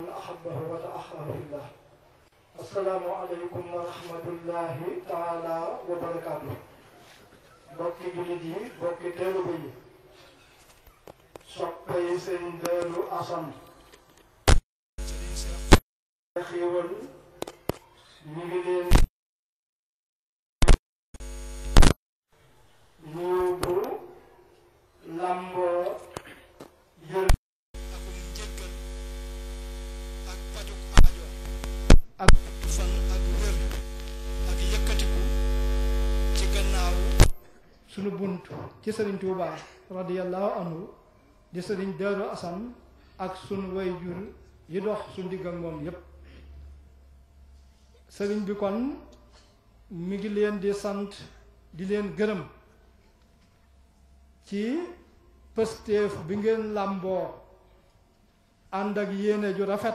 man ahabbahu wa ta'ahahu fillah assalaamu aleykum wa rahmatullahi taala wa barakaatu bokki jullit yi bokki teeluba yi soppe yi seen deelu asan xiiwal ci sëriñ Tuuba radiyallahu anhu di sëriñ Daaru Asan ak sun way jur yi dox su ndigg ak moom yépp sëriñ bi kon mu ngi leen di sant di leen gërëm ci pësteef bi ngeen làmboo ànd ak yéene ju rafet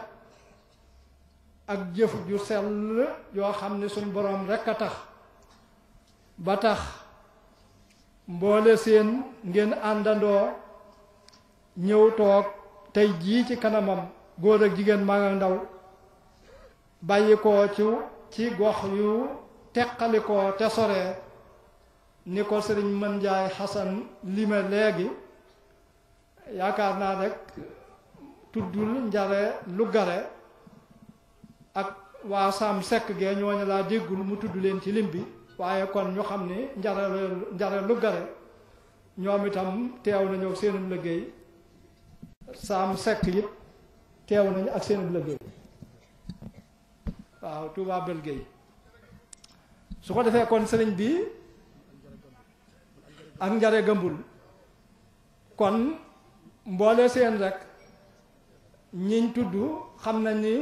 ak jëf ju sell yoo xam ne suñ boroom rekk a tax ba tax mboole seen ngeen àndandoo ñëw toog tey jii ci kanamam góor ak jigéen maa nga ndaw bàyyi ko ci gox yu teqali ko te soree ni ko sëriñ mën njaay xasan lime léegi yaakaar naa rek tuddul njare lu gare ak waa saam sekk gee ñooñu laa déggul mu tudd leen ci lim bi waaye kon ñu xam ne njareel njareel lu gare ñoom itam teew nañu ak seenum liggéey saam sekk yit teew nañu ak seenum liggéey waaw Touba Belgueye su ko defee kon sëriñ bi ak njare gëmbul kon mboole seen rek ñiñ tudd xam na ni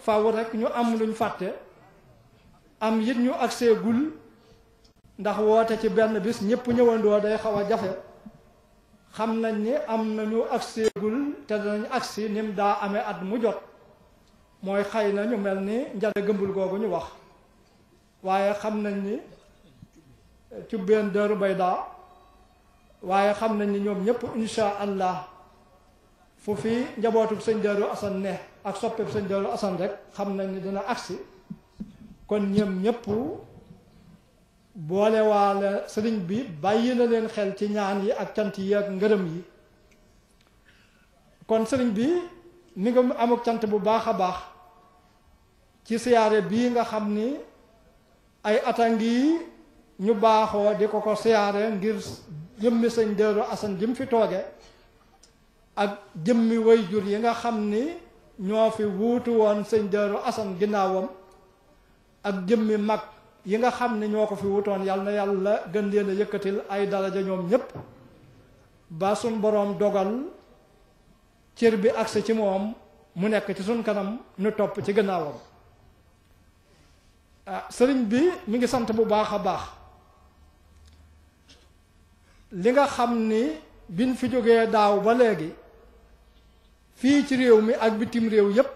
faaw rek ñu am luñ fàtte am it ñu accès gul ndax woote ci benn bis ñëpp ñëwandoo day xaw a jafe xam nañ ni am nañu accès gul te danañ agsi nim daa amee at mu jot mooy xëy na ñu mel ni njare gëmbul googu ñu wax waaye xam nañ ni cubbeen dëru bay waaye xam nañ ni ñoom ñëpp insha allah fu fi njabootu sëñ dëru asan ne ak soppeeb sëñ Daaru Asan rek xam nañ ni dina agsi kon ñoom ñëpp boole waale sëriñ bi bàyyi na leen xel ci ñaan yi ak cant yi ak ngërëm yi kon sëriñ bi ni nga amuk cant bu baax a baax ci siyaare bii nga xam ni ay ata ngi ñu baaxoo di ko ko siyaare ngir jëmmi sëñ Daaru Asan jëm fi tooge ak jëmmi way jur yi nga xam ni ñoo fi wuutu woon sëñ Darou Assane ginnaawam ak jëmmi mag yi nga xam ne ñoo ko fi wuutoon yàlla na yàlla gën leen a yëkkatil ay daraja ñoom ñépp ba suñ boroom dogal cër bi agsi ci moom mu nekk ci suñ kanam ñu topp ci ginnaawam ah sëriñ bi mi ngi sant bu baax a baax li nga xam ni biñ fi jógee daaw ba léegi fii ci réew mi ak bitim réew yépp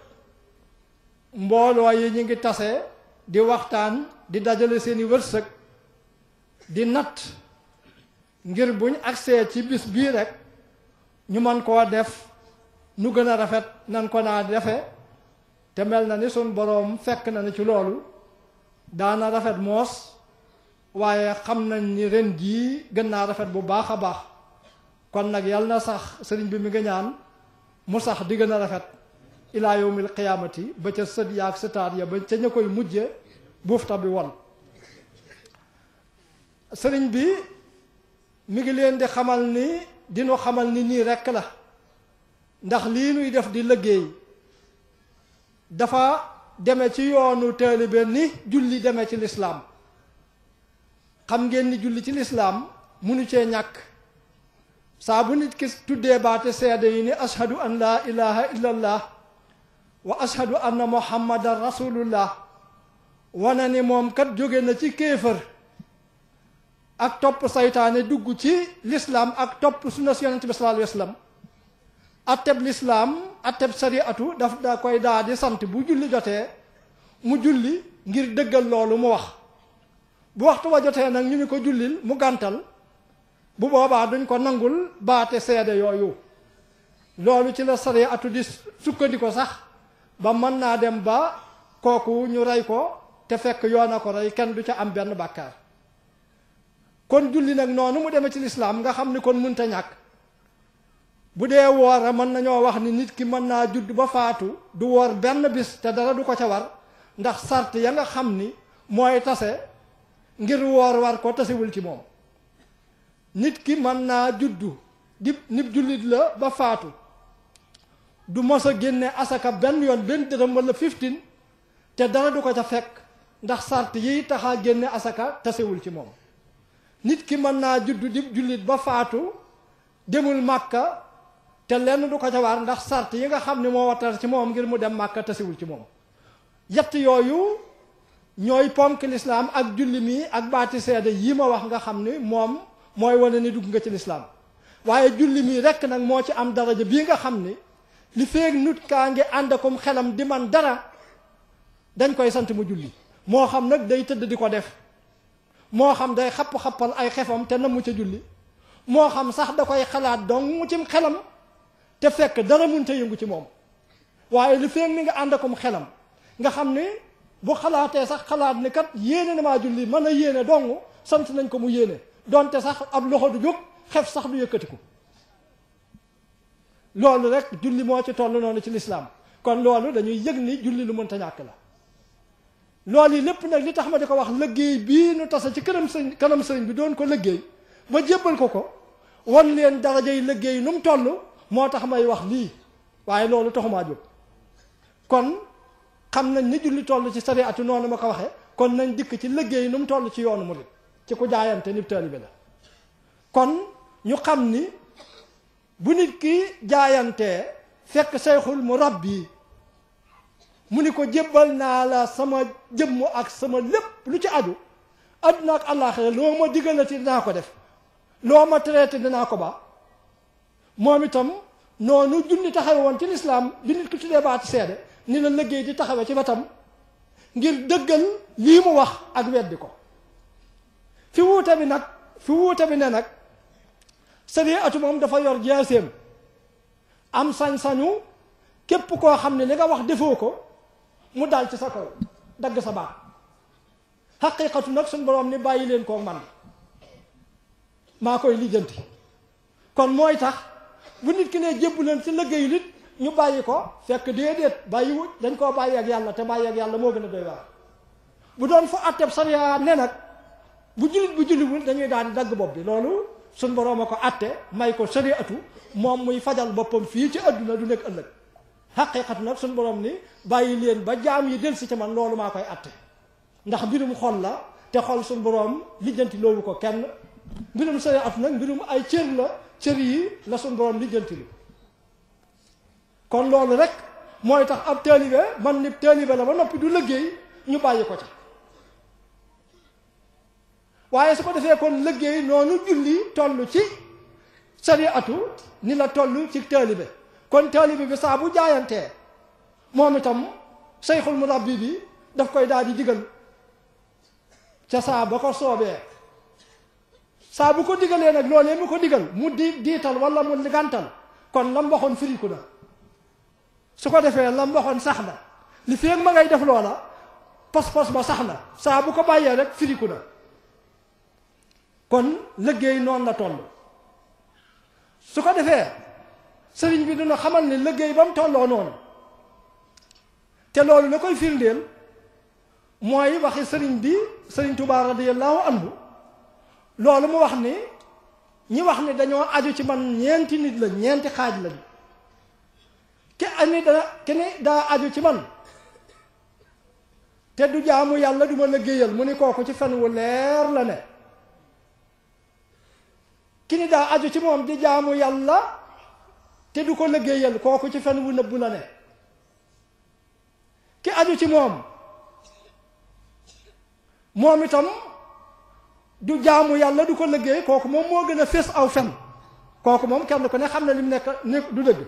mbooloo yi ñu ngi tase di waxtaan di dajale seeni wërsëg di natt ngir buñ agsee ci bis bii rekk ñu mën koo def ñu gën a rafet nan ko naa defe te mel na ni sun boroom fekk na ni ci loolu daana rafet moos waaye xam nañ ni ren jii gën naa rafet bu baax a baax kon nag yàlla na sax sëriñ bi mi nga ñaan mu sax di gën a rafet ilaa yawmil qiyaamati ba ca sët yaak sëtaat ya ba ca ña koy mujje buufta bi won sëriñ bi mu ngi leen di xamal ni dinu xamal ni nii rekk la ndax lii nuy def di liggéey dafa deme ci yoonu taalibe ni julli deme ci lislaam xam ngeen ni julli ci lislaam munu cee ñàkk saa bu nit ki tuddee baate seede yi ni ashadu an laa ilaha illallah wa ashadu anna muhammadan rasulullah wana ni moom kat jóge na ci kéefër ak topp seytaane dugg ci lislaam ak topp sunna si yonente bi sallallahu alayhi wa lislaam atteb sariatu daf koy daa di sant bu julli jotee mu julli ngir dëggal loolu mu wax bu waxtu wa jotee nag ñu ni ko jullil mu gàntal bu boobaa duñ ko nangul baate seede yooyu loolu ci la saree atu di sukkandiko sax ba mën naa dem ba kooku ñu rey ko te fekk yoon a ko rey kenn du ca am benn bàkkaar kon julli nag noonu mu demee ci lislaam nga xam ni kon munta ñàkk bu dee woora mën nañoo wax ni nit ki mën naa judd ba faatu du woor benn bis te dara du ko ca war ndax sart ya nga xam ni mooy tase ngir woor war ko tasewul ci moom nit ki mën naa juddu di nit jullit la ba faatu du mos a génne asaka benn yoon benn dërëm wala fifteen te dara du ko ca fekk ndax sart yi taxaa génne asaka tasewul ci moom nit ki mën naa juddu di jullit ba faatu demul màkka te lenn du ko ca waar ndax sart yi nga xam ne moo watar ci moom ngir mu dem màkka tasewul ci moom yett yooyu ñooy ponk lislaam ak julli mi ak baati seede yi ma wax nga xam ni moom mooy wane ni dugg nga ci lislaam waaye julli mi rekk nag moo ci am daraja bii nga xam ni li feeg nut kaa ngi ànd akom xelam di man dara dañ koy sant mu julli moo xam nag day tëdd di ko def moo xam day xapp-xappal ay xefam te mu ca julli moo xam sax da koy xalaat dong cim xelam te fekk dara mun te yëngu ci moom waaye li feeg mi ngi ànd akom xelam nga xam ni bu xalaatee sax xalaat ni kat yéene na maa julli mën a yéene dong sant nañ ko mu yéene donte sax ab loxo du jóg xef sax du yëkkatiku loolu rek julli moo ci toll noonu ci lislaam kon loolu dañuy yëg ni julli lu mënta ñàkk la lool yi lépp nag li tax ma di ko wax liggéey bii nu tasa ci kanam sëñ kanam sëñ bi doon ko liggéey ba jébbal ko ko wan leen darajay liggéey nu mu toll moo tax may wax lii waaye loolu taxumaa jóg kon xam nañ ni julli toll ci sariatu noonu ma ko waxee kon nañ dikk ci liggéey nu mu toll ci yoonu murid ci ku jaayante nib taalibe la kon ñu xam ni bu nit ki jaayante fekk sayxul mu rabbi mu ni ko jébbal naa la sama jëmm ak sama lépp lu ci adu adduna ak àllaaxira loo ma diggalati dinaa ko def loo ma traité dinaa ko ba moom itam noonu julli taxawe woon ci lislaam bi nit ki tuddee baati seede ni la liggéey di taxawe ci wetam ngir dëggal lii mu wax ak weddi ko fi wuute bi nag fi wuute bi ne nag sariatu moom dafa yor jaaseem am sañ-sañu képp koo xam ne li nga wax defoo ko mu dal ci sa kaw dagg sa baax xaqiiqatu nag suñ borom ni bàyyi leen koo man maa koy lijjanti kon mooy tax bu nit ki ne jébbu leen ci liggéeyu nit ñu bàyyi ko fekk déedéet bàyyi wut dañ koo bàyyi ak yàlla te bàyyi ak yàlla moo gën a doy waar bu doon fa atteb sariya ne nag bu jullit bu julliwul dañuy daan dagg bopp bi loolu suñ boroom a ko atte may ko sariatu moom muy fajal boppam fii ci àdduna du nekk ëllëg xaqiqatu nag suñ boroom ni bàyyi leen ba jaam yi del si ci man loolu maa koy atte ndax mbirum xol la te xol suñ boroom lijjanti loolu ko kenn mbirum sariatu nag mbirum ay cër la cër yi la suñ boroom lijjanti lu kon loolu rek mooy tax ab taalibe man nit taalibe la ba noppi du liggéey ñu bàyyi ko ca waaye su ko defee kon liggéey noonu julli tollu ci atu ni la toll ci taalibe kon taalibe bi saa bu jaayantee moom itam sayxul murabbi bi daf koy daal di digal ca saa ba ko soobee saa bu ko digalee nag loolee mu ko digal mu di diital wala mu gàntal kon lam waxoon firiku na su ko defee la waxoon sax na li feeg ma ngay def loola pas-pas ba sax na saa bu ko bàyyee rek firiku na kon liggéey noonu la toll su ko defee sëriñ bi dina xamal ne liggéey ba mu tolloo noonu te loolu la koy firndeel mooy waxi sëriñ bi sëriñ Tuubaa radiyallaahu anhu loolu mu wax ni ñi wax ne dañoo aju ci man ñeenti nit la ñeenti xaaj lañu ke ani da ke ni daa aju ci man te du jaamu yàlla du ma liggéeyal mu ni kooku ci fen wu leer la ne ki ni daa aju ci moom di jaamu yàlla te du ko liggéeyal kooku ci fen wu nëbbu la ne ki aju ci moom moom itam du jaamu yàlla du ko liggéey kooku moom moo gën a fés aw fen kooku moom kenn ku ne xam na lim nekk ni du dëgg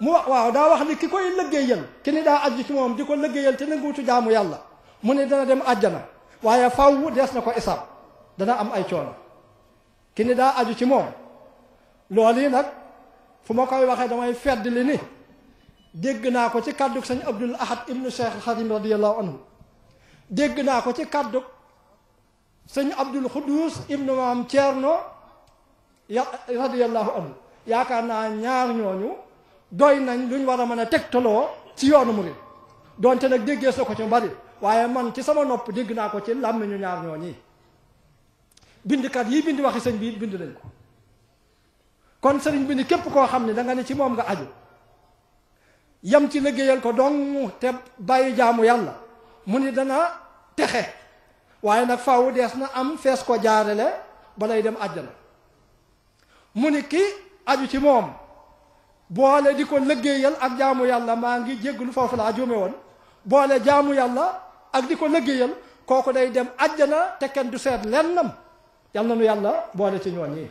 mu wax waaw daa wax ni ki koy liggéeyal ki ni daa aju ci moom di ko liggéeyal te nanguutu jaamu yàlla mu ne dana dem àjjana waaye faw dees na ko isab dana am ay coono ki ni daa aju ci moom loolu yi nag fu ma koy waxee damay fedd li ni dégg naa ko ci kàddug sëñ Abdul Ahad ibnu Cheikh Xadim radiallahu anhu dégg naa ko ci kàddug sëñ Abdul Xuduus ibnu maam Ceerno ya radiallahu anhu yaakaar naa ñaar ñooñu doy nañ luñ war a mën a tegtaloo ci yoonu murid donte nag déggee soo ko ci bari waaye man ci sama nopp dégg naa ko ci làmmiñu ñaar ñooñi bindkat yi bind waxi sëñ bi bind nañ ko kon sëriñ bi ni képp koo xam ne danga nga ne ci moom nga aju yam ci liggéeyal ko dong te bàyyi jaamu yàlla mu ni dana texe waaye nag faawu dees na am fees ko jaarale balay dem àjjana mu ni ki aju ci moom boole di ko liggéeyal ak jaamu yàlla maa ngi jégglu foofu laa juume woon boole jaamu yàlla ak di ko liggéeyal kooku day dem àjjana te kenn du seet lennam yal na nu yàlla boole ci ñooñ yi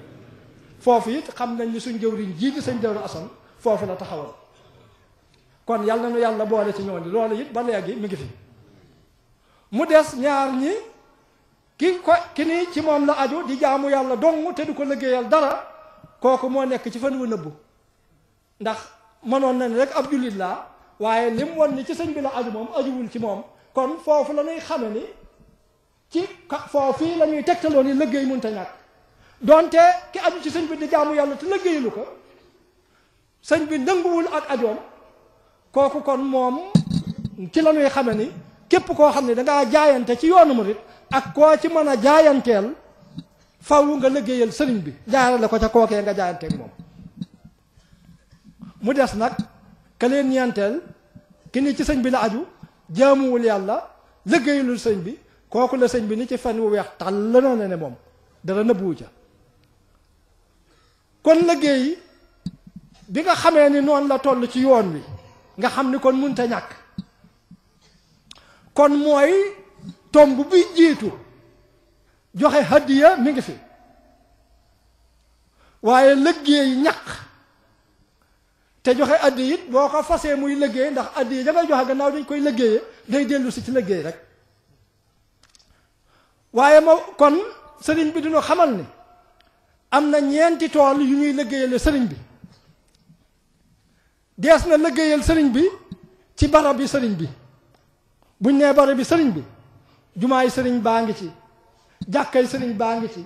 foofu it xam nañ ni suñ jëwriñ jii di sëñ Daaru Asan foofu la taxawal kon yal na nu yàlla boole ci ñooñ yi loolu it ba léegi mu ngi fi mu des ñaar ñi ki ko ki ni ci moom la aju di jaamu yàlla dong te du ko liggéeyal dara kooku moo nekk ci fan wu nëbbu ndax mënoon na ni rek ab jullit laa waaye lim won ni ci sëñ bi la aju moom ajuwul ci moom kon foofu la ñuy xame ni foofii la ñuy tegtaloo ni liggéey mënta ñàkk donte ki aju ci sëñ bi di jaamu yàlla te liggéeyalu ko sëñ bi nanguwul ak ajoom kooku kon moom ci la ñuy xame ni képp koo xam ne dangaa jaayante ci yoonu murit ak koo ci mën a jaayanteel faw nga liggéeyal sëriñ bi jaarale ko ca kookee nga jaayanteeg moom mu des nag ka leen ñeenteel ki ni ci sëñ bi la aju jaamuwul yàlla liggéeyalul sëñ bi kooku la sëñ bi ni ci fan wu weex tàll la ne ne moom dara nëbbu ca kon liggéey bi nga xamee ni noonu la toll ci yoon wi nga xam ni kon munta ñàkk kon mooy tomb bi jiitu joxe hadiya mi ngi fi waaye liggéey ñàkk te joxe addi it boo ko fasee muy liggéey ndax addi yi da ngay joxe gannaaw dañ koy liggéeyee day dellu si ci liggéey rek waaye ma kon sëriñ bi dina xamal ni am na ñeenti tool yu ñuy liggéeyale sëriñ bi dees na liggéeyal sëriñ bi ci barab bi sëriñ bi buñ nee barab bi sëriñ bi yi sëriñ baa ngi ci jàkkay sëriñ baa ngi ci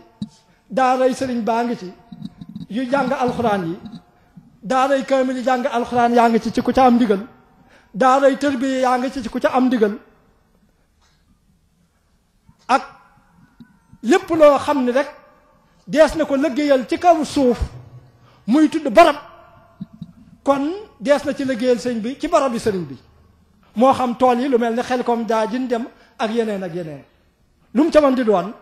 daaray sëriñ baa ngi ci yu jàng alxuraan yi daaray kaamil yi jàng alxuraan yaa ngi ci ci ku ca am ndigal yi tërbiye yaa ngi ci ci ku ci am ndigal ak lépp loo xam ne rek dees na ko liggéeyal ci kaw suuf muy tudd barab kon dees na ci liggéeyal sëñ bi ci barab yi sëriñ bi moo xam tool yi lu mel ni xel comme daa jin dem ak yeneen ak yeneen lu mu ca man di doon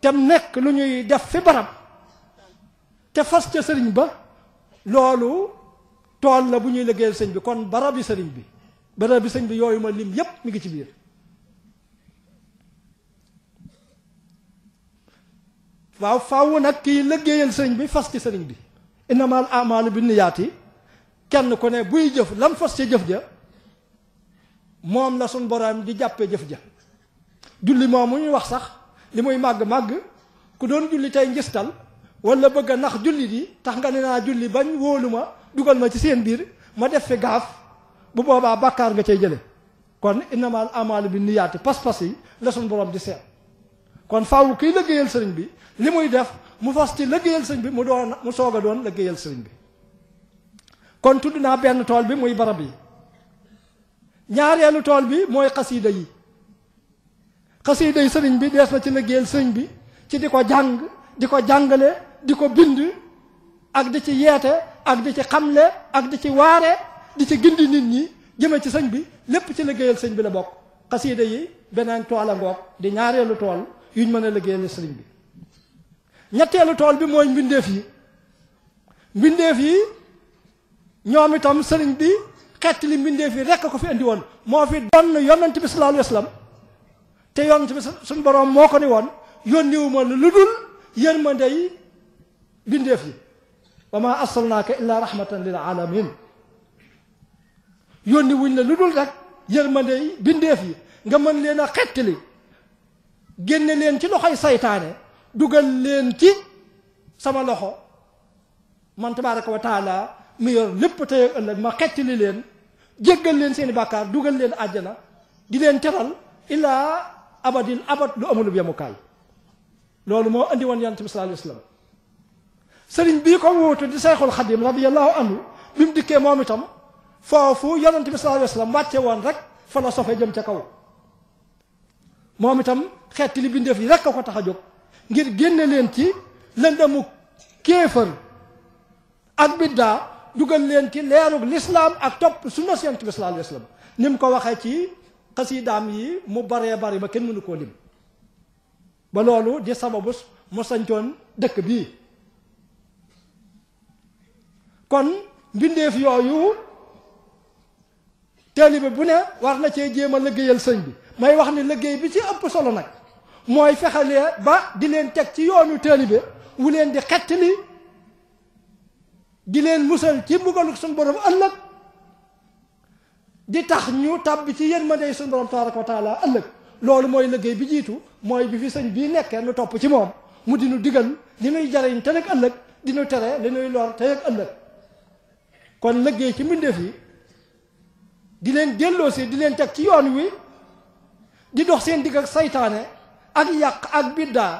te mu nekk lu ñuy def fi barab te fas ca sëriñ ba loolu tool la bu ñuy liggéeyal sëñ bi kon barab yi sëriñ bi barab yi sëñ bi yooyu ma lim yépp mi ngi ci biir waaw faaw nag kii liggéeyal sëriñ bi fas ci sëriñ bi inamal amalu bi niyaati kenn ku ne buy jëf lam fas ci jëf ja moom la suñ borom di jàppee jëf ja julli moom mu ñuy wax sax li muy màgg-màgg ku doon julli tey njistal wala bëgg a nax julli di tax nga ne naa julli bañ wóolu ma dugal ma ci seen biir ma def fi gaaf bu boobaa bàkkaar nga cay jële kon inamal amalu bi niyaati pas-pas yi la suñ borom di seet kon faaw kiy liggéeyal sëriñ bi li muy def mu fas ci liggéeyal sëñ bi mu doon mu soog a doon liggéeyal sëñ bi kon tudd naa benn tool bi muy barab yi ñaareelu tool bi mooy xasiida yi xasiida yi sëriñ bi dees na ci liggéeyal sëñ bi ci di ko jàng di ko jàngale di ko bind ak di ci yeete ak di ci xamle ak di ci waare di ci gindi nit ñi jëme ci sëñ bi lépp ci liggéeyal sëñ bi la bokk xasiida yi beneen tool a ngoog di ñaareelu tool yuñ mën a liggéeyal sëriñ bi ñetteelu tool bi mooy mbindeef yi mbindeef yi ñoom itam sëriñ bi xett li mbindeef yi rekk ko fi indi woon moo fi donn yonent bi sallallahu alayhi wa te yonent bi suñ boroom moo ko ni woon yónniwuma lu dul yërmande yi mbindeef yi wa ma arsalnaaka illa rahmatan lil alamin yónni wuñ la lu dul rek yërmande yi yi nga mën leen a xettali génne leen ci loxoy saytaane dugal leen ci sama loxo man tabaraka wa taala mi yor lépp tey ëllëg ma xettali leen jéggal leen seeni bàkkaar dugal leen àjjana di leen teral ilaa abadil abad lu amul yemukaay loolu moo indi woon yonent bi sallallahu alayhi wasallam sëriñ bii ko wuutu di sayxul xadim radiyallahu anhu bi mu dikkee moom itam foofu yonent bi sallallahu alayhi wàcce woon rek fa la sofe jëm ca kaw moom itam xeeti li bindeef yi rek a ko tax a jóg ngir génne leen ci lëndëmu kéefër ak biddaa dugal leen ci leerug lislaam ak topp sunna si Yonent bi sallallaahu alayhi wa ko waxee ci xasiidaam yi mu baree bari ba kenn mënu koo lim ba loolu di sababus mu sañcoon dëkk bii kon mbindeef yooyu taalibe bu ne war na cee jéem a liggéeyal sëñ bi may wax ni liggéey bi ci ëpp solo nag mooy fexalee ba di leen teg ci yoonu taalibe wu leen di xettali di leen musal ci mbugalu suñu borom ëllëg di tax ñu tàbbi ci yërmande suñu borom tabaraka wa taala ëllëg loolu mooy liggéey bi jiitu mooy bi fi sëñ bii nekkee nu topp ci moom mu di nu digal li nuy jariñ te nag ëllëg di nu tere li nuy lor te nag ëllëg kon liggéey ci mbindeef yi di leen delloosi di leen teg ci yoon wi di dox seen digg ak saytaane ak yàq ak biddaa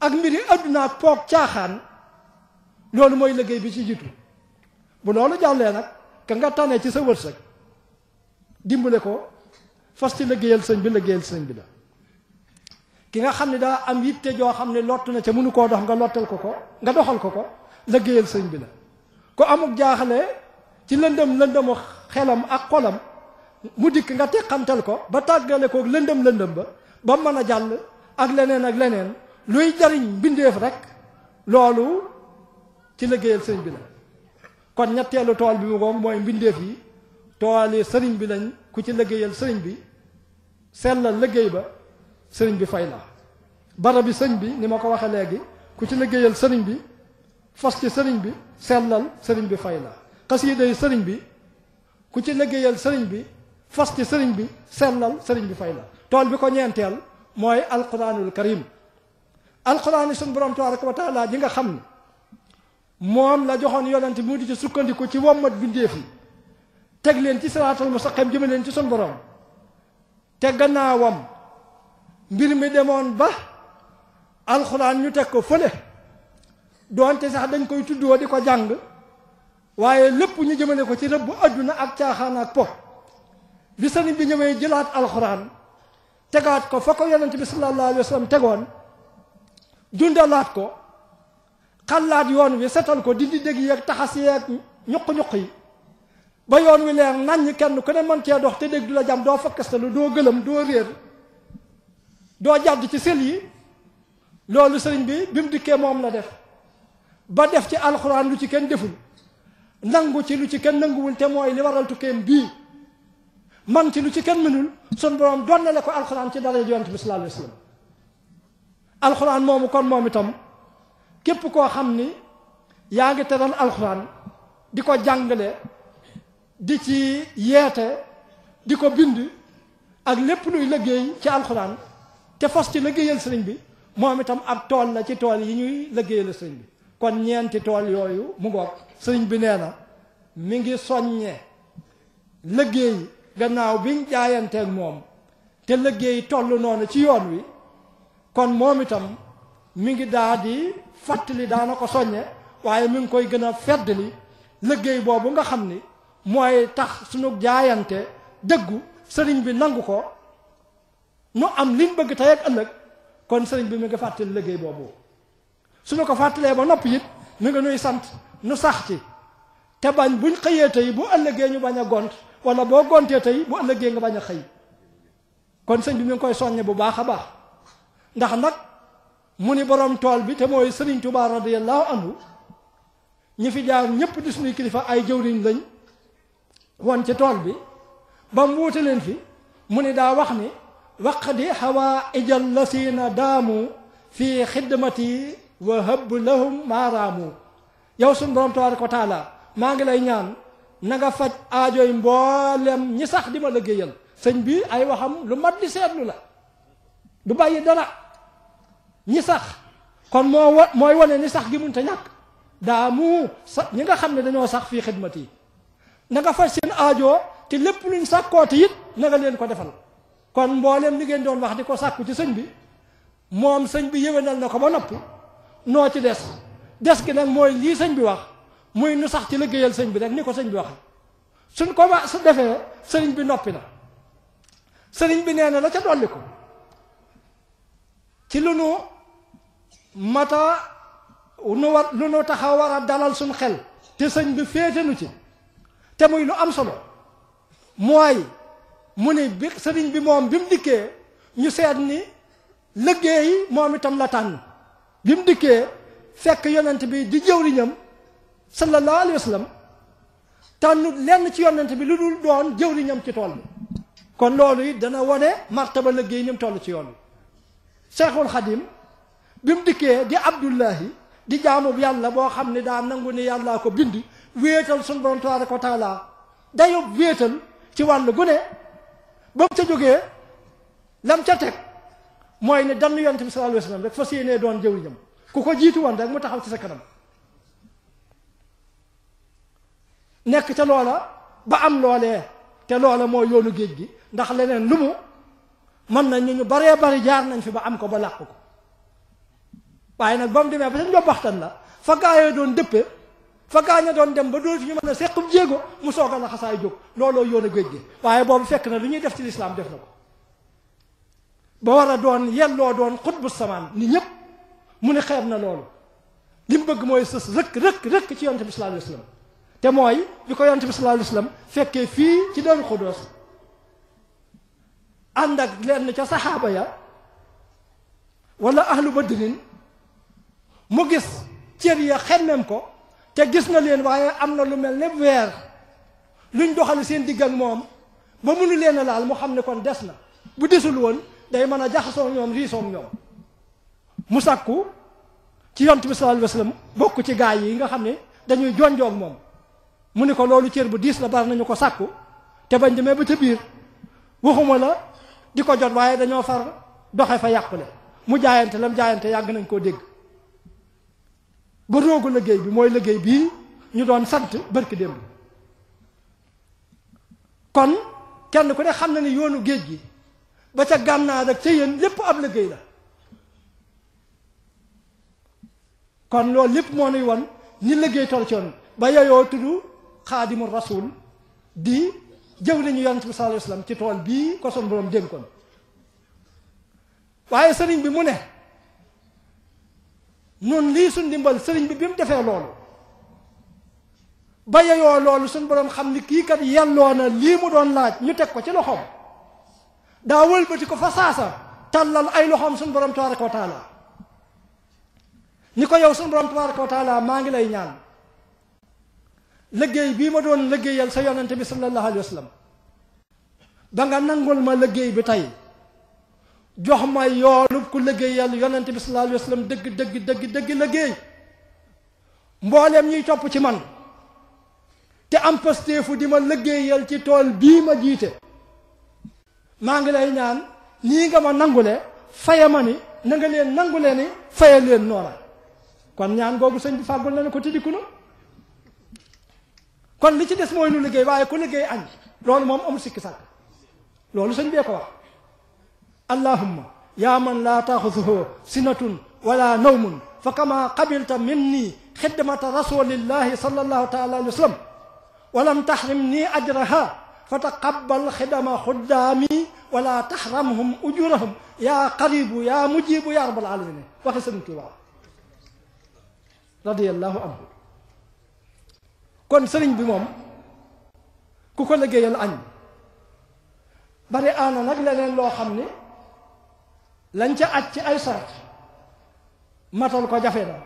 ak mbiri àdduna ak poog caaxaan loolu mooy liggéey bi ci jiitu bu loolu jàllee nag ka nga tànnee ci sa wërsëg dimbale ko fas ci liggéeyal sëñ bi liggéeyal sëñ bi la ki nga xam ne daa am yitte joo xam ne lott na ci mënu koo dox nga lottal ko ko nga doxal ko ko liggéeyal sëñ bi la ko amuk jaaxle ci lëndëm lëndëmu xelam ak xolam mu dikk nga teqantal ko ba tàggale kook lëndëm lëndëm ba ba mën a jàll ak leneen ak leneen luy jariñ mbindeef rek loolu ci liggéeyal sëriñ bi la kon ñetteelu tool bi mu ngoog mooy mbindeef yi tooli sëriñ bi lañ ku ci liggéeyal sëriñ bi sellal liggéey ba sëriñ bi fay la barab bi sëriñ bi ni ma ko waxee léegi ku ci liggéeyal sëriñ bi fos ci sëriñ bi sellal sëriñ bi fay la xasiida yi sëriñ bi ku ci liggéeyal sëriñ bi fas ci sëriñ bi sellal sëriñ bi fay la tool bi ko ñeenteel mooy alquranul karim alquran suñu borom tabaraka wa taala nga xam ne moom la joxoon yonent mu di ci sukkandiku ci wommat bindeef yi teg leen ci siraatal mustaqim jëme leen ci suñu borom te gannaawam mbir mi demoon ba alxuraan ñu teg ko fële doonte sax dañ koy tuddoo di ko jàng waaye lépp ñu jëmale ko ci rëbb adduna ak caaxaan ak po bi sëriñ bi ñëwee jëlaat alxuraan tegaat ko fa ko yonent bi sallallahu alayhi wa sallam tegoon dundalaat ko xalaat yoon wi setal ko di di dégg yeeg taxas yeeg ñuq-ñuq yi ba yoon wi leer naññ kenn ku ne mën cee dox te dégg du la jam doo fakkastalu doo gëlëm doo réer doo jàdd ci sël yi loolu sëriñ bi bi mu dikkee moom la def ba def ci alxuraan lu ci kenn deful nangu ci lu ci kenn nanguwul te mooy li waral tukkeem bii man ci lu ci kenn mënul sun borom donnale ko alxuraan ci dara yonent bi sallallahu alayhi wa alxuraan moomu kon moom itam képp koo xam ni yaa ngi teral alxuraan di ko jàngale di ci yeete di ko bind ak lépp luy liggéey ci alxuraan te fas ci liggéeyal sëriñ bi moom itam ab tool la ci tool yi ñuy liggéeyal sëriñ bi kon ñeenti tool yooyu mu ngoog sëriñ bi nee na mi ngi soññe liggéey gannaaw biñ jaayanteeg moom te liggéey toll noonu ci yoon wi kon moom itam mi ngi daa di fàttali daana ko soññe waaye mi ngi koy gën a li liggéey boobu nga xam ni mooy tax sunu jaayante dëggu sëriñ bi nangu ko nu am liñ bëgg tey ak ëllëg kon sëriñ bi mi ngi fàttali liggéey boobu suñu ko fàttalee ba noppi it mi ngi nuy sant nu sax ci te bañ buñ xëyee tey bu ëllëgee ñu bañ a gont wala boo gontee tey bu ëllëgee nga bañ a xëy kon sëñ bi mi ngi koy soññe bu baax a baax ndax nag mu ni borom tool bi te mooy Sëriñ Tuubaa radiyallahu anhu ñi fi jaar ñëpp di suñuy kilifa ay jëwriñ lañ woon ci tool bi ba mu wuute leen fi mu ni daa wax ni waq di hawa ijal lasiina daamu fi xidmati wa hëbb lahum maaraamu yow suñ borom tabaaraka wa taala maa ngi lay ñaan na nga faj aajoy mboolem ñi sax di ma liggéeyal sëñ bi ay waxam lu mat di seetlu la du bàyyi dara ñi sax kon moo wa mooy wane ni sax gi mun te ñàkk daa mu sax ñi nga xam ne dañoo sax fii xidmat yi na nga faj seen aajo te lépp luñ sàkkooti it na leen ko defal kon mboolem li ngeen doon wax di ko sàkku ci sëñ bi moom sëñ bi yéwénal na ko ba noppi noo ci des des gi nag mooy lii sëñ bi wax muy nu sax ci liggéeyal sëñ bi rek ni ko sëñ bi wax suñ ko ba su defee sëriñ bi noppi na sëriñ bi nee la ca dolli ko ci lu nu mata nu war lu nu taxa dalal suñ xel te sëñ bi féete nu ci te muy lu am solo mooy mu ni bi sëriñ bi moom bi mu dikkee ñu seet ni liggéey moom itam la tànn bi mu dikkee fekk yonent bi di jëwriñam sallallahu alayhi wa sallam tànnut lenn ci yonent bi lu dul doon jëwriñam ci tool kon loolu it dana wane martaba liggéey ni mu toll ci yoon bi seexul xadim bi mu dikkee di abdullahi di jaamub yàlla boo xam ne daa nangu ni yàllaa ko bind wéetal sunu borom tabaaraka wa taala dayob wéetal ci wàll gune ba mu ca jógee lam ca teg mooy ne dann yonent bi sallallahu alayhi wa sallam rek fas yéenee doon jëwriñam ku ko jiitu woon rek mu taxaw ci sa kanam nekk ca loola ba am loolee te loola moo yoonu géej gi ndax leneen lu mu mën nañ ñu ñu baree bari jaar nañ fi ba am ko ba làq ko waaye nag ba mu demee ba ca njobbaxtan la fa gaayoo doon dëppe fa gaaña doon dem ba dootu ñu mën a sequb jéego mu soog a laxasaay jóg looloo yoonu géej gi waaye boobu na lu ñuy def ci lislaam def na ko ba war a doon yelloo doon xutbu samaan ni ñépp mu ne xeeb na loolu li mu bëgg mooy sës rëkk rëkk rëkk ci yonte bi sallallahu alayhi te mooy bi ko yonent bi sallallahu alayhi fekkee fii ci doon Xudoos ànd ak lenn ca saxaaba ya wala ahlu badrin mu gis cër ya xemmem ko te gis na leen waaye am na lu mel ne weer luñ doxal seen digg ak moom ba mënu leen a laal mu xam ne kon des na bu desul woon day mën a jaxasoo ñoom riisoom ñoom mu sàkku ci yonent bi sallallahu alayhi bokk ci gaay yi nga xam ne dañuy jonjoog moom mu ni ko loolu cër bu diis la dara nañu ko sàkku te bañ demee ba ca biir waxuma la di ko jot waaye dañoo far doxe fa yàqule mu jaayante lam jaayante yàgg nañ koo dégg ba roogu liggéey bi mooy liggéey bii ñu doon sant barki démb kon kenn ku ne xam na ni yoonu géej gi ba ca gànnaar ak ca yéen lépp ab liggéey la kon loolu lépp moo nuy won ni liggéey toll ci yoon ba yeyoo tudd xaadimu rasul di jëw nañu yonent bi sallallahu alayhi wasallam ci tool bii ko son borom dénkoon waaye sëriñ bi mu ne nun lii suñ dimbal sëriñ bi bi mu defee loolu ba yeyoo loolu suñ borom xam ni kii kat yelloo na lii mu doon laaj ñu teg ko ci loxoom daa wëlbati ko fa saasa tàllal ay loxoom suñ borom tabaraka wa taala ni ko yow suñ borom tabaraka wa maa ngi lay ñaan liggéey bii ma doon liggéeyal sa yonente bi sallallahu alayhi wa sallam ba nga nangul ma liggéey bi tey jox ma yoolub ku liggéeyal yonente bi sallallahu alayhi wa sallam dëgg dëgg dëgg dëgg liggéey mbooleem ñuy topp ci man te am pasteefu di ma liggéeyal ci tool bii ma jiite maa ngi lay ñaan nii nga ma nangule faye ma ni na nga leen nangule ni faye leen noora kon ñaan googu sëñ bi fàggul na ne ko tiddiku na kon li ci des mooy nu liggéey waaye ku liggéey añ loolu moom amul sikki sàkk loolu sëñ bee ko wax allahumma yaa man laa taaxusuhu sinatun wala nawmun fa kama qabilta minni xidmata rasulillahi sallallahu taala alayhi wa sallam walam taxrimni ajraha fa taqabbal xidama xuddaami wala taxramhum ujurahum yaa qaribu yaa mujibu yaa rabbal alamin waxi sëñ Tuubaa radiyallahu anhu kon sëriñ bi moom ku ko liggéeyal añ bari aana nag leneen loo xam ni lañ ca aj ci ay sart matal ko jafe na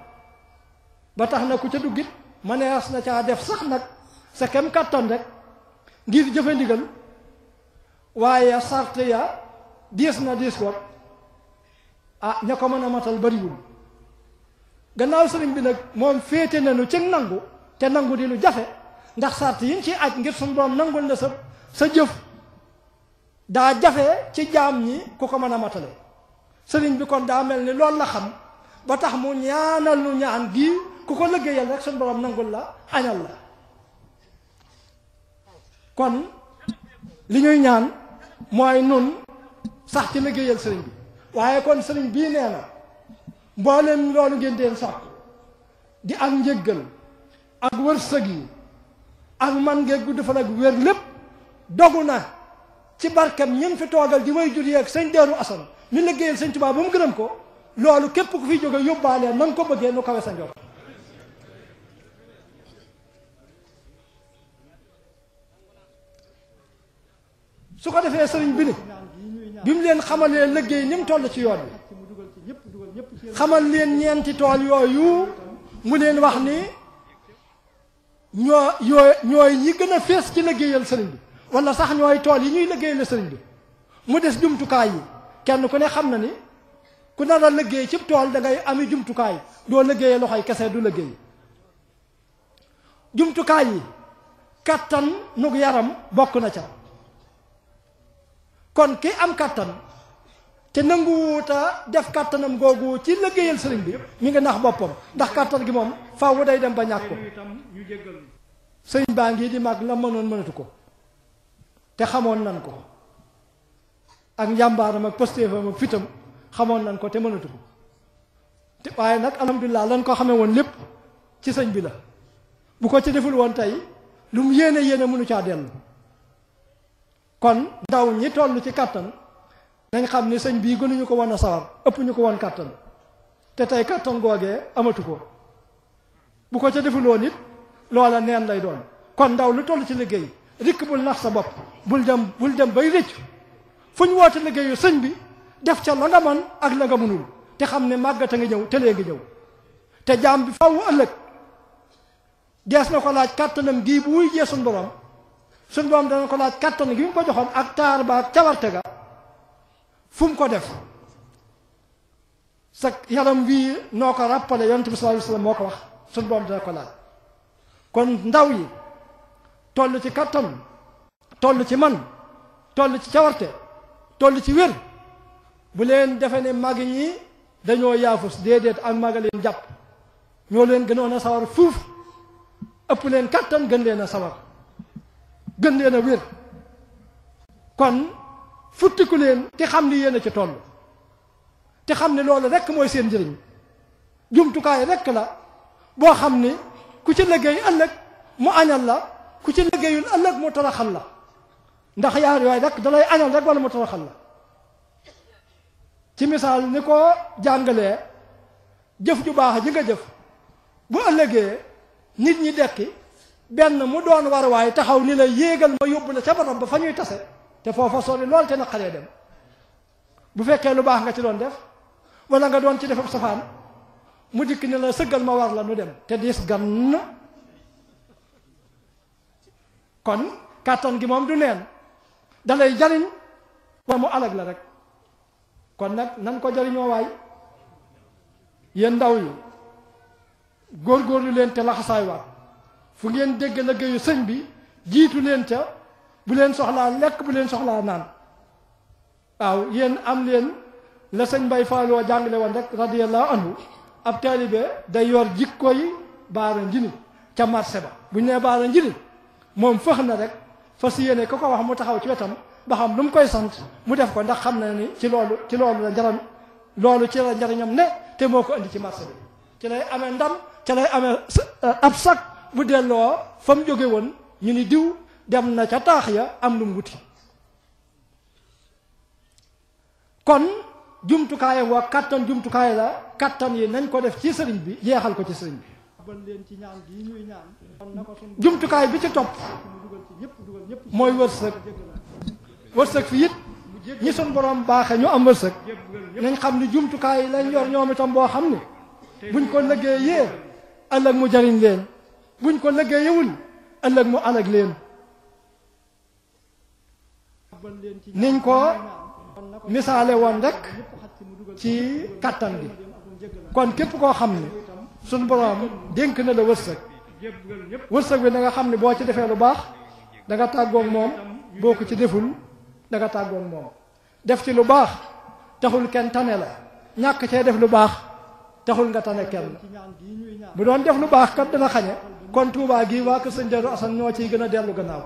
ba tax na ku ca duggit mënees na caa def sax nag sa kem kattan rek ngir jëfe ndigal waaye sart ya diis na diis ko ah ña ko mën a matal bariwul gannaaw sëriñ bi nag moom féete nañu ci nangu te nangu di lu jafe ndax sart yiñ ci aj ngir suñu borom nangul na sa sa jëf daa jafe ci jaam ñi ku ko mën a matale sëriñ bi kon daa mel ni loolu la xam boo tax mu ñaanal lu ñaan gi ku ko liggéeyal rek suñu borom nangul la añal la kon li ñuy ñaan mooy nun sax ci liggéeyal sëriñ bi waaye kon sëriñ bii nee na mboolem loolu ngeen deen sax di ak njëggal wërsëg yi ak man ngeeg gudd fan ak wér lépp dogu na ci barkam ñun fi toogal di way jur yeeg sëñ deeru asan ñu liggéeyal sëñ Tuubaa ba mu gërëm ko loolu képp ku fi jóge yóbbaalee na ko bëggee nu kawe sa njort su ko defee sëriñ bi ni bi mu leen xamalee liggéey ni mu toll ci yoon bi xamal leen ñeenti tool yooyu mu leen wax ni ñoo yooy ñooy ñi gën a fees ci liggéeyal sëriñ bi wala sax ñooy tool yi ñuy liggéeyal sëriñ bi mu des jumtukaay yi kenn ku ne xam na ni ku nar a liggéey ci tool da ngay ami jumtukaay doo liggéeyee loxoy kese du liggéey jumtukaay yi kattan nug yaram bokk na ca kon ki am kattan te nanguwuta def kàttanam googu ci liggéeyal sëriñ bi mi ngi nax boppam ndax kàttan gi moom faaw day dem ba ñàkk ko sëriñ baa ngi di mag la mënoon mënatu ko te xamoon nan ko ak njàmbaaram ak postéefam ak fitam xamoon nan ko te mënatu ko te waaye nag alhamdulilah lan ko xamee woon lépp ci sëñ bi la bu ko ci deful woon tey lu mu yéene yéene mënu caa dellu kon ndaw ñi toll ci kàttan dañ xam ni sëñ bii gënuñu ko woon a sawar ëpp ñu ko woon kàttan te tey kàttan googee amatu ko bu ko ca defuloon it loola neen lay doon kon ndaw lu toll ci liggéey rikk bul nax sa bopp bul dem bul bay rëccu fu ñu woote liggéeyu sëñ bi def ca la nga man ak la nga mënul te xam ne màggata ngi ñëw te léegi ngi ñëw te jaam bi faaw ëllëg dees na ko laaj kàttanam gii bu wuy jee suñ borom suñ borom dana ko laaj kàttan gi mu ko joxoon ak taar ba ak cawarte ga fu mu ko def sa yaram wii noo ko rappale yonent bi sallallahu alayhi moo ko wax suñu borom dina ko laaj kon ndaw yi toll ci kattan toll ci man toll ci cawarte toll ci wér bu leen defe ne mag ñi dañoo yaafus déedéet ak maga leen jàpp ñoo leen gënoon a sawar fuuf ëpp leen kattan gën leen a sawar gën leen a wér kon futtiku leen te xam ni yéen a ci toll te xam ne loolu rekk mooy seen njëriñ jumtukaay rekk la boo xam ni ku ci liggéey ëllëg mu añal la ku ci liggéeyul ëllëg mu toroxal la ndax yaar yooyu rekk dalay añal rek wala mu toroxal la ci misaal ni ko jàngalee jëf ju baax ji nga jëf bu ëllëgee nit ñi dekki benn mu doon war waay taxaw ni la yéegal ma yóbbu la ca barab ba fa ñuy tase te foofa sori lool te naqaree dem bu fekkee lu baax nga ci doon def wala nga doon ci defab safaan mu dikk ne la sëggal ma war la nu dem te diis gann kon kàttan gi moom du neen dalay jariñ wala mu alag la rek kon nag nan ko jariñoo waay yéen ndaw yi góorgóorlu leen te laxasaay waat fu ngeen dégg liggéeyu sëñ bi jiitu leen ca bu leen soxlaa lekk bu leen soxlaa naan waaw yéen am leen la sëñ Mbay Falloo jàngale woon rek radiyallahu anhu ab taalibe day yor jikko yi baara njini ca marché ba bu ñu nee baara njini moom fëx na rek fas yéene ko ko wax mu taxaw ci wetam ba xam lu mu koy sant mu def ko ndax xam na ni ci loolu ci loolu la njaram loolu ci la njariñam ne te moo ko indi ci marché bi ci lay amee ndam ci lay amee ab sac bu delloo fa mu jóge woon ñu ni diw dem na ca taax ya am lu mu wuti kon jumtukaayam waa kattan jumtukaay la kattan yi nañ ko def ci sëriñ bi jeexal ko ci sëriñ bi jumtukaay bi ci topp mooy wërsëg wërsëg fi it ñi sun borom baaxe ñu am wërsëg nañ xam ni jumtukaay lañ yor ñoom itam boo xam ne buñ ko liggéeyee ëllëg mu jariñ leen buñ ko liggéeyewul ëllëg mu alag leen niñ ko misaale woon rek ci kàttan bi kon képp koo xam ne suñ boroom dénk na la wërsëg wërsëg bi da xam ne boo ci defee lu baax danga nga tàggoog moom boo ko ci deful danga nga tàggoog moom def ci lu baax taxul kenn tane la ñàkk cee def lu baax taxul nga tane kenn bu doon def lu baax kat dana xañe kon Tuubaa gii waa kër sëñ Darou ñoo ciy gën a dellu gannaaw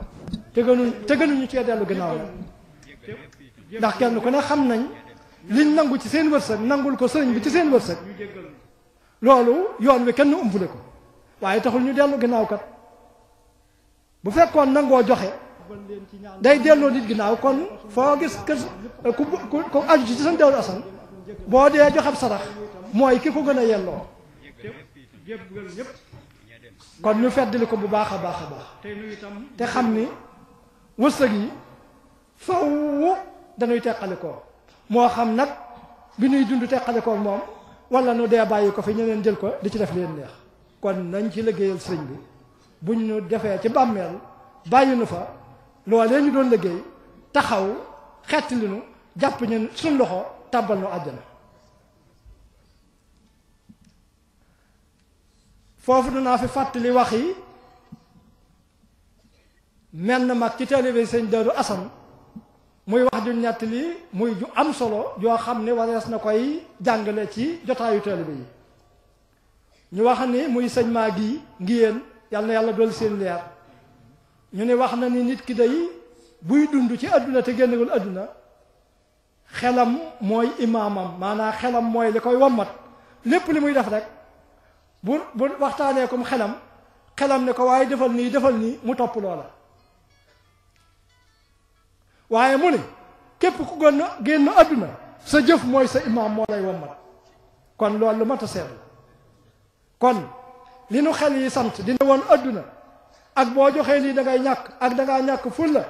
te gënuñ te gënuñu cee dellu gannaaw la ndax kenn ku ne xam nañ liñ nangu ci seen wërsëg nangul ko sëriñ bi ci seen wërsëg loolu yoon wi kenn umbule ko waaye taxul ñu dellu ginnaaw kat bu fekkoon nangoo joxe day delloo nit ginnaaw kon foo gis kër ku ku aju ci seen dawlu asan boo dee joxab sarax mooy ki ko gën a yelloo kon ñu feddali ko bu baax a baax a baax te xam ni wërsëg yi faw dañuy teqalikoo moo xam nag bi ñuy dund teqalikoo moom wala nu dee bàyyi ko fi ñeneen jël ko di ci def leen neex kon nañ ci liggéeyal sëriñ bi buñ ñu defee ci bàmmeel bàyyi nu fa loolee ñu doon liggéey taxaw xett li jàpp ñu suñ loxo tàbbal nu àjjana foofu danaa fi fàttali wax yi na mag ci taalibe sëñ Daaru Asan muy wax ju ñett li muy ju am solo joo xam ne warees na koy jàngale ci jotaayu taalibe yi ñu wax ni muy sëñ maa gi ngiyéen yàlla na yàlla dool seen leer ñu ne wax na ni nit ki day buy dund ci àdduna te génnewul àdduna xelam mooy imaamam maanaam xelam mooy li koy wommat lépp li muy def rek bu bu waxtaanee comme xelam xelam ne ko waaye defal nii defal nii mu topp loola waaye mu ne képp ku gën a génn àdduna sa jëf mooy sa imaam moo lay wommat kon loolu lu mat a seetlu kon li nu xel yi sant dina woon àdduna ak boo joxee lii da ñàkk ak da ñàkk ful la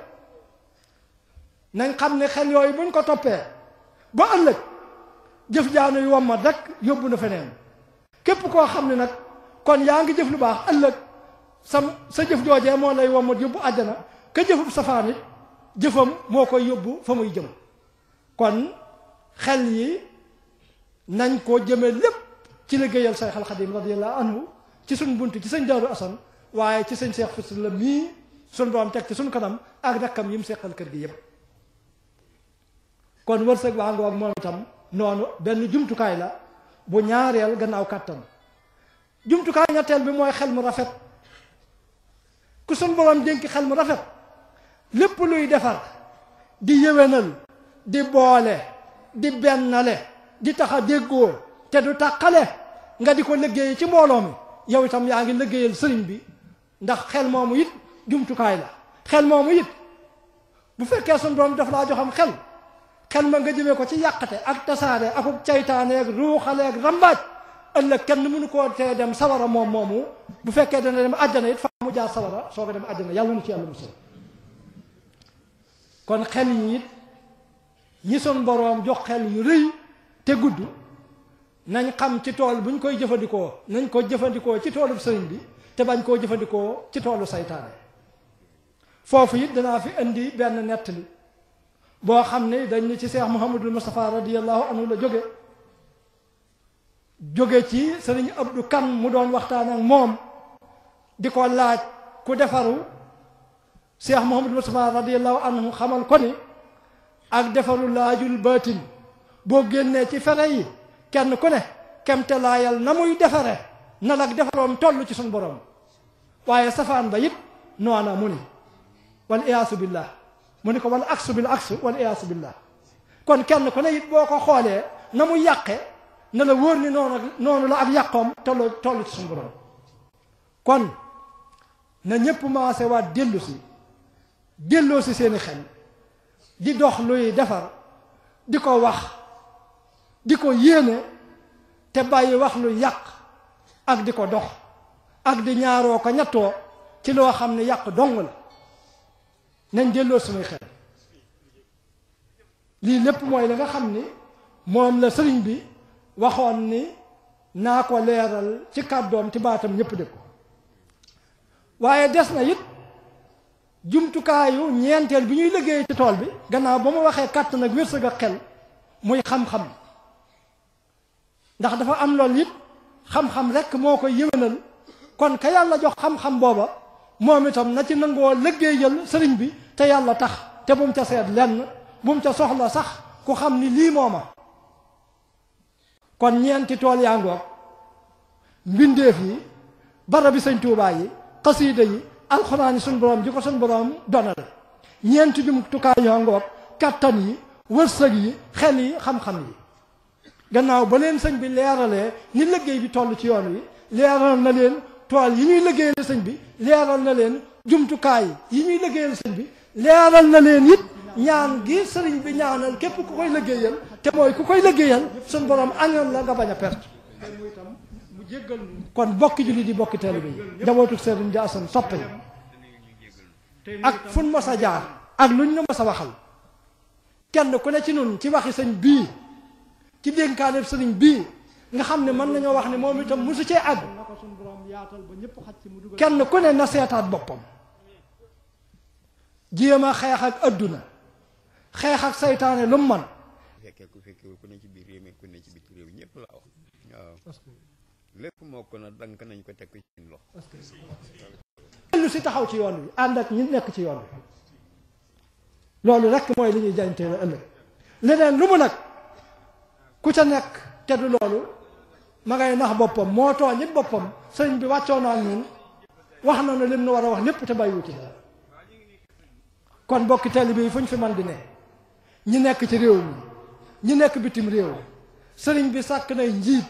nañ xam ne xel yooyu buñ ko toppee ba ëllëg jëf jaanuy wommat rek yóbbu na feneen képp koo xam ne nag kon yaa ngi jëf lu baax ëllëg sa sa jëf joojee moo lay wommat yóbbu àjjana ka jëfub safaan it jëfam moo koy yóbbu fa muy jëm kon xel yi nañ koo jëmee lépp ci liggéeyal say xal xadim radiyallahu anhu ci suñ bunt ci sëñ daaru asan waaye ci sëñ seex fis la mii suñ borom teg ci suñ kanam ak rakkam yi mu seqal kër gi yépp kon wërsëg waa ngoog moom itam noonu benn jumtukaay la bu ñaareel gannaaw kàttan jumtukaay ñetteel bi mooy xel mu rafet ku suñ borom dénk xel mu rafet lépp luy defar di yëwénal di boole di bennale di tax a déggoo te du tàqale nga di ko liggéey ci mbooloo mi yow itam yaa ngi liggéeyal sëriñ bi ndax xel moom it jumtukaay la xel moom it bu fekkee suñ borom daf laa joxam xel xel ma nga jëmee ko ci yàqate ak tasaare akub caytaaneeg ruuxaleeg rambaaj ëllëg kenn mënu koo tee dem sawara moom moomu bu fekkee dana dem àjjana it fa mu jaar sawara soo ko dem àjjana yàlla nu ci yàlla musal kon xel yi it ñi son boroom jox xel yu rëy te gudd nañ xam ci tool buñ koy jëfandikoo nañ ko jëfandikoo ci toolu sëriñ bi te bañ koo jëfandikoo ci toolu saytaane foofu it danaa fi indi benn nettali boo xam ne dañ ni ci seex muhammadul mustapha radiyallahu anhu la jóge jóge ci sëriñ abdu kan mu doon waxtaan ak moom di ko laaj ku defaru cheikh mohamadou moustapha radiallahu anhu xamal ko ni ak defaru laajul baatin boo génnee ci fere yi kenn ku ne kemte laayal na muy defare na lak defaroom toll ci suñ borom waaye safaan ba it noona mu ni wal iyaasu billah mu ni ko wal aksu bil aksu wal iyaasu billah kon kenn ku ne it boo ko xoolee na mu yàqe na la wóor ni noonu noonu la ak yàqoom toll toll ci suñ borom kon na ñépp maase waat déllusi delloo si seeni xel di dox luy defar di ko wax di ko yéene te bàyyi wax lu yàq ak di ko dox ak di ñaaroo ko ñettoo ci loo xam ne yàq dong la nañ delloo suñuy xel lii lépp mooy la nga xam ni moom la sëriñ bi waxoon ni naa ko leeral ci kàddoom ci baatam ñépp dégg ko waaye des na it jumtukaayu ñeenteel bi ñuy liggéey ci tool bi gannaaw ba mu waxee kàttan ak wërsëg ak xel muy xam-xam ndax dafa am loolu it xam-xam rekk moo koy yëwénal kon ka yàlla jox xam-xam booba moom itam na ci nangoo liggéeyal sëriñ bi te yàlla tax te mu ca seet lenn bu mu ca soxla sax ku xam ni lii mooma ma kon ñeenti tool yaa ngoog mbindeef yi bi sëñ Tuubaa yi xasiida yi alxuraani suñ borom ji ko suñ borom donal ñeenti jumtukaay yoo ngoog kattan yi wërsëg yi xel yi xam-xam yi gannaaw ba leen sëñ bi leeralee ni liggéey bi toll ci yoon wi leeral na leen tool yi ñuy liggéeyal sëñ bi leeral na leen jumtukaay yi ñuy liggéeyal sëñ bi leeral na leen it ñaan gi sëriñ bi ñaanal képp ku koy liggéeyal te mooy ku koy liggéeyal suñ borom añoon la nga bañ perte kon bokki julli di bokki taalibe yi jabootu Serigne Dia Assane soppe ak fun mos a jaar ak luñ nu mos a waxal kenn ku ne ci nun ci waxi sëñ bii ci dénkaane sëriñ bii nga xam ne mën nañoo wax ne moom itam mosu cee àgg kenn ku ne na seetaat boppam jéem a xeex ak adduna xeex ak saytaane lu mu mën lépp moo ko na dank nañ ko teg ci loxo lu si taxaw ci yoon wi ànd ak ñi nekk ci yoon wi loolu rek mooy li ñuy jantee la ëllëg leneen lu mu nag ku ca nekk te du loolu ma ngay nax boppam moo tooñ it boppam sëñ bi wàccoo naa wax na ne lim nu war a wax lépp te bay ci dara kon bokki tali bi fu ñu fi man di ne ñi nekk ci réew mi ñi nekk bitim réew sëriñ bi sàkk nay njiit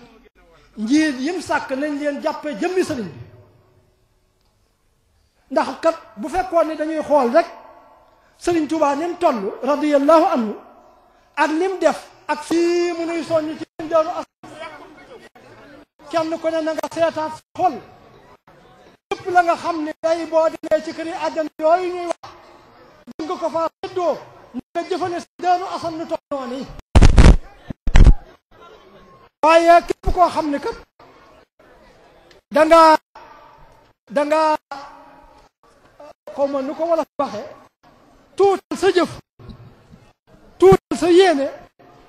njiit yim sàkk nañ leen jàppe jëmmi sëriñ bi ndax kat bu fekkoon ni dañuy xool rek sëriñ Tuubaa ni mu toll radiyallahu ak lim def ak fii mu nuy soññ ci lim dooru as kenn ku ne na seetaat sa xol lépp la nga xam ne day boo demee ci këri àddina yooyu ñuy wax dëgg ko faa séddoo na jëfale si dooru asan nu toll waaye képp koo xam ne képp danga nga da nga ma nu ko wala waxe tuutal sa jëf tuutal sa yéene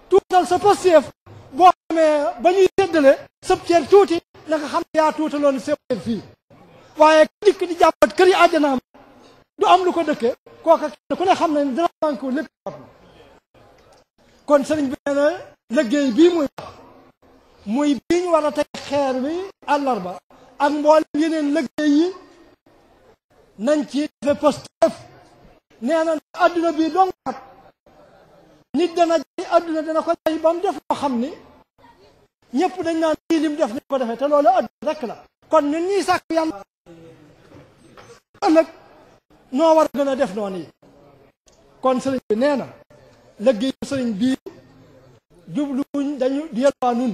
tuutal sa pasteef boo xamee ba ñuy séddale sëb ceer tuuti na xam ne yaa tuutaloon sëb fii waaye ku di jàppat kër yi àjjanaam du am lu ko dëkke kooka kenn ku ne xam ne dina manqué lépp kon sëriñ bi nee na liggéey bii muy wax muy bi ñu war a teg xeer bi àllarba ak mboolem yeneen liggéey yi nañ ci defe Pastef nee na adduna bi donkat nit dana jay adduna dana ko jay ba mu def loo xam ni ñëpp dañ naan lii lim def ni ko defee te loolu adduna rek la kon nit ñi sàkk yàlla ëllëg noo war a gën a def noon yi kon sëriñ bi nee na sëriñ bii jubluuñ dañu yelwaa nun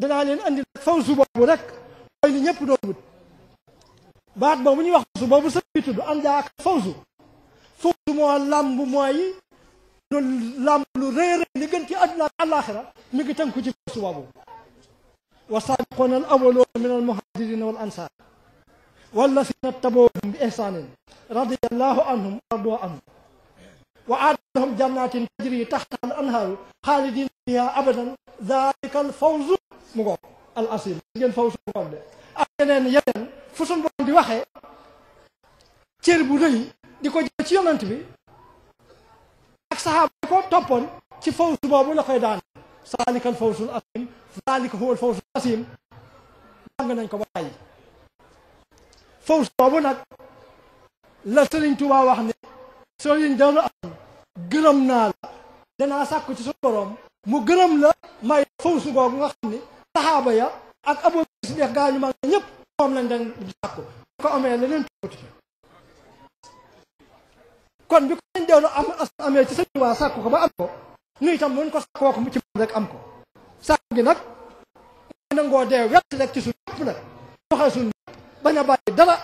danaa leen andi fawzu boobu rek mooy li ñëpp doon wut baat boobu ñuy wax fawzu boobu sëñ bi tudd ànd ak fawzu fawzu moo làmb mooy lu làmb lu rëy rëy li gën ci àdduna ak àllaaxira mi ngi tënku ci fawzu boobu wa saabiquuna al awwaluuna min al muhaajiriina wal ansaar wallazina tabawuhum bi ihsaanin radiyallaahu anhum wa radu anhum wa aada lahum jannatin tajri taxtaha al anhaaru xaalidiina fiihaa abadan zaalika al fawzu mu ngoog al asil gis ngeen faw suñu borom de ak yeneen yeneen fu suñu borom di waxee cër bu rëy di ko jël ci yonant bi ak saxaaba yi ko toppoon ci fawsu boobu la koy daan saalikal fawsul asim saalika huwal fawsul asim jàng nañ ko ba tàyyi fawsu boobu nag la Sëriñ Tuubaa wax ne sëriñ daru am gërëm naa la danaa sàkku ci suñu borom mu gërëm la may fawsu googu nga xam ni saxaaba ya ak Abu Bakar Siddiq gaañu mag ñëpp moom lañ daan sàkku ko amee la tuuti kon bi ko lañ deelu am amee ci sëñ waa sàkku ko ba am ko nu itam mun ko sàkkoo ko ci moom rek am ko sàkku gi nag nangoo dee wet rek ci suñ ñëpp nag joxe suñ ñëpp bañ a bàyyi dara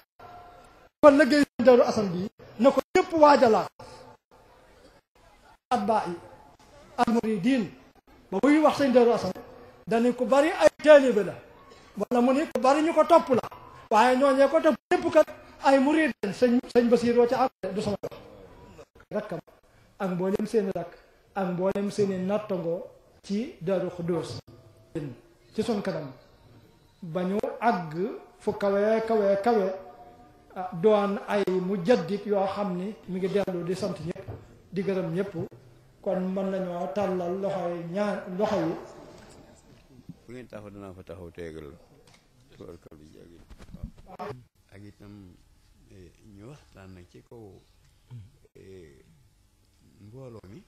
kon liggéey sëñ deelu asan bii na ko ñëpp waajalaat atbaa yi almuridiin ba muy wax sëñ deelu asan dani ku bari ay taalibe la wala mu ni ku bari ñu ko topp la waaye ñooñee ko topp lépp kat ay murid lañ sëñ sëñ Basiiroo ca àgg du sama wax rakkam ak mboolem seeni rakk ak mboolem seeni nattangoo ci Daaru Xuddoos ci sun kanam ba ñu àgg fu kawe kawe kawe ah, doon ay mujaddid yoo xam ni mu ngi dellu di sant ñëpp di gërëm ñépp kon mën nañoo tàllal loxoy ñaan loxo yi fu ngeen taxaw danaa fa taxaw teegal tubarkal bi jagi waaw ak itam e, ñu waxtaan nag ci kaw e, mbooloo mi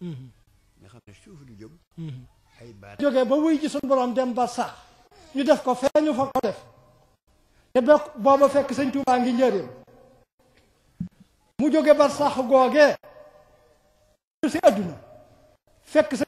nga xam ne suuf du jóg ay baat jógee ba wuy ji suñu borom dem ba ñu def ko feeñu fa ko def te bokk booba fekk sëñ Tuubaa ngi njëriñ mu jóge bar sax googee si àdduna fekk